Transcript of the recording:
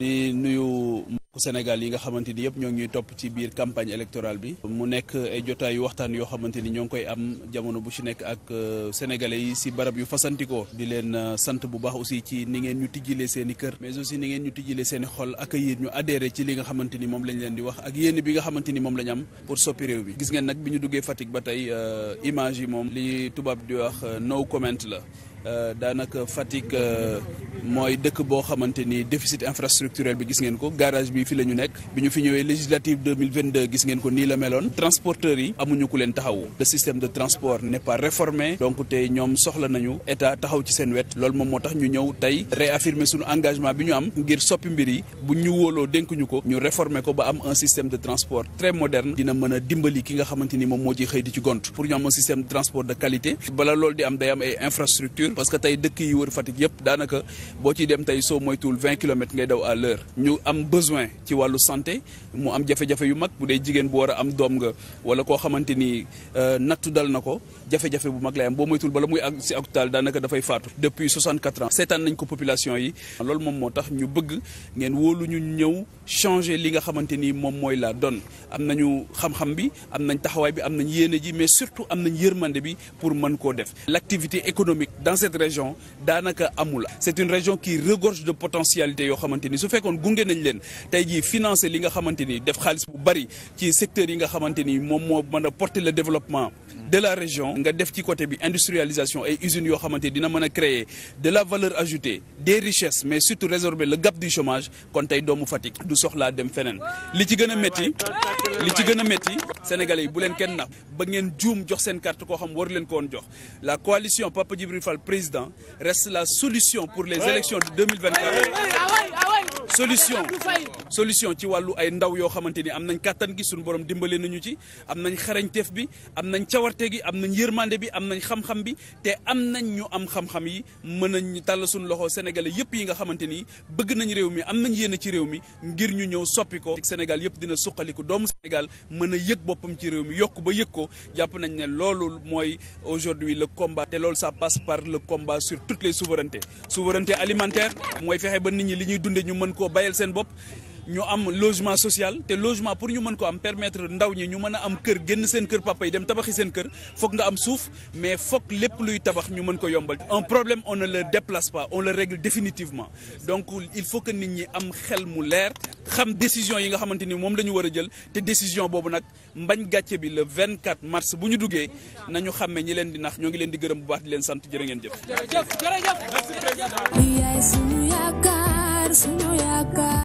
ni nuyu Sénégal yi nga xamante ni yëpp ñoo ngi topp ci biir campagne électorale bi mu nekk ay jotaayu waxtaan yoo xamante ni ñoo ngi koy am jamono bu ci nekk ak euh, sénégalais yi si barab yu fasantikoo di leen euh, sant bu baax aussi ci ni ngeen ñu tijjilee seen i kër mais aussi ni ngeen ñu tijjilee seen i xol ak yéen ñu adhéré ci li nga xamante ni moom lañ leen di wax ak yéen bi nga xamante ni moom lañ am pour soppi réew bi gis ngeen nag bi ñu duggee Fatick ba tey euh, image yi moom li tubaab di wax no comment la daanaka Fatick mooy dëkk boo xamante ni déficit infrastructurel bi gis ngeen ko garage bi fi la ñu nekk bi ñu fi ñëwee législative 2022 gis ngeen ko nii la meloon transporteurs yi amuñu ku leen taxawu le système de transport n'est pas donc tey ñoom soxla nañu état taxaw ci seen wet lool moom moo tax ñu ñëw tey réaffirmer suñu engagement bi ñu am ngir soppi mbir yi bu ñu wóoloo dénkuñu ko ñu réformer ko ba am un système de transport très moderne dina ki nga xamante ni moom moo ci xëy ci gont pour ñu am un système am day am ay infrastructure parce que tey dëkk yi wër Fatick yëpp daanaka boo ci dem tey soo moytuwul vingt kilomètres ngay daw à l'heure ñu am besoin ci wàllu santé mu am jafe-jafe yu mag bu dee jigéen bu war a am doom nga wala koo xamante ni euh, nattu dal na ko jafe-jafe bu mag lay boo moytuwul bala muy ak si hôpital daanaka dafay faatu depuis 64 ans seetaan nañ ko population yi loolu moom moo tax ñu bëgg ngeen wóolu ñu ñëw changer li nga xamante ni moom mooy la donne am nañu xam-xam bi am nañ taxawaay bi am nañ yéene ji mais surtout am nañ yërmande bi pour mën koo def l'activité économique dans cette région daanaka amul région ki regorge de potentialité yoo xamante ni su fekkoon gunge nañ leen tey jii financé li nga xamante def xaalis bu bari ci secteur yi nga xamante ni moom moo mën a porter le développement de la région nga def ci côté bi industrialisation ay usines yoo xamante dina mën a créer de la valeur ajoutée des richesses mais surtout résorber la gap du chômage kon tey doomu Fatick du soxlaa dem feneen li ci gën a métti li ci gën a métti sénégalais yi bu leen kenn nax ba ngeen juum jox seen carte koo xam war leen ko woon jox la coalition Papa Djibril Fall président reste la solution pour les élections de 2024 solution solution ci wàllu ay ndaw yoo xamante ni am nañ kàttan gi suñu borom dimbale nañu ci am nañ xareñ xarañteef bi am nañ cawarte gi am nañ yërmande bi am nañ xam-xam bi te am nañ ñu am xam-xam yi mën nañ tàll suñu loxo sénégalais yëpp yi nga xamante ni bëgg nañ réew mi am nañ yéene ci réew mi ngir ñu ñëw soppi ko Sénégal yëpp dina suqaliku doomu Sénégal mën a yëg boppam ci réew mi yokk ba yëg ko jàpp nañ ne loolu mooy aujourd'hui le combat te loolu ça passe par le combat sur toutes les souverainetés souveraineté alimentaire mooy fexe ba nit ñu mën ko koo bayal seen bopp ñu am logement social te logement pour ñu mën ko am permettre ndaw ñi ñu mën a am kër génn seen kër papa yi dem tabaxi seen kër foog nga am suuf mais foog lépp luy tabax ñu mën ko yombal. un problème on ne le déplace pas on le règle définitivement donc il faut que nit ñi am xel mu leer xam décision yi nga xamante ni moom la ñu war a jël te décision boobu nag mbañ gàcce bi le 24 mars bu ñu duggee nañu xàmme ñi leen di nax ñoo ngi leen di gërëm bu baax leen sant jërë ngeen jëf. jërëjëf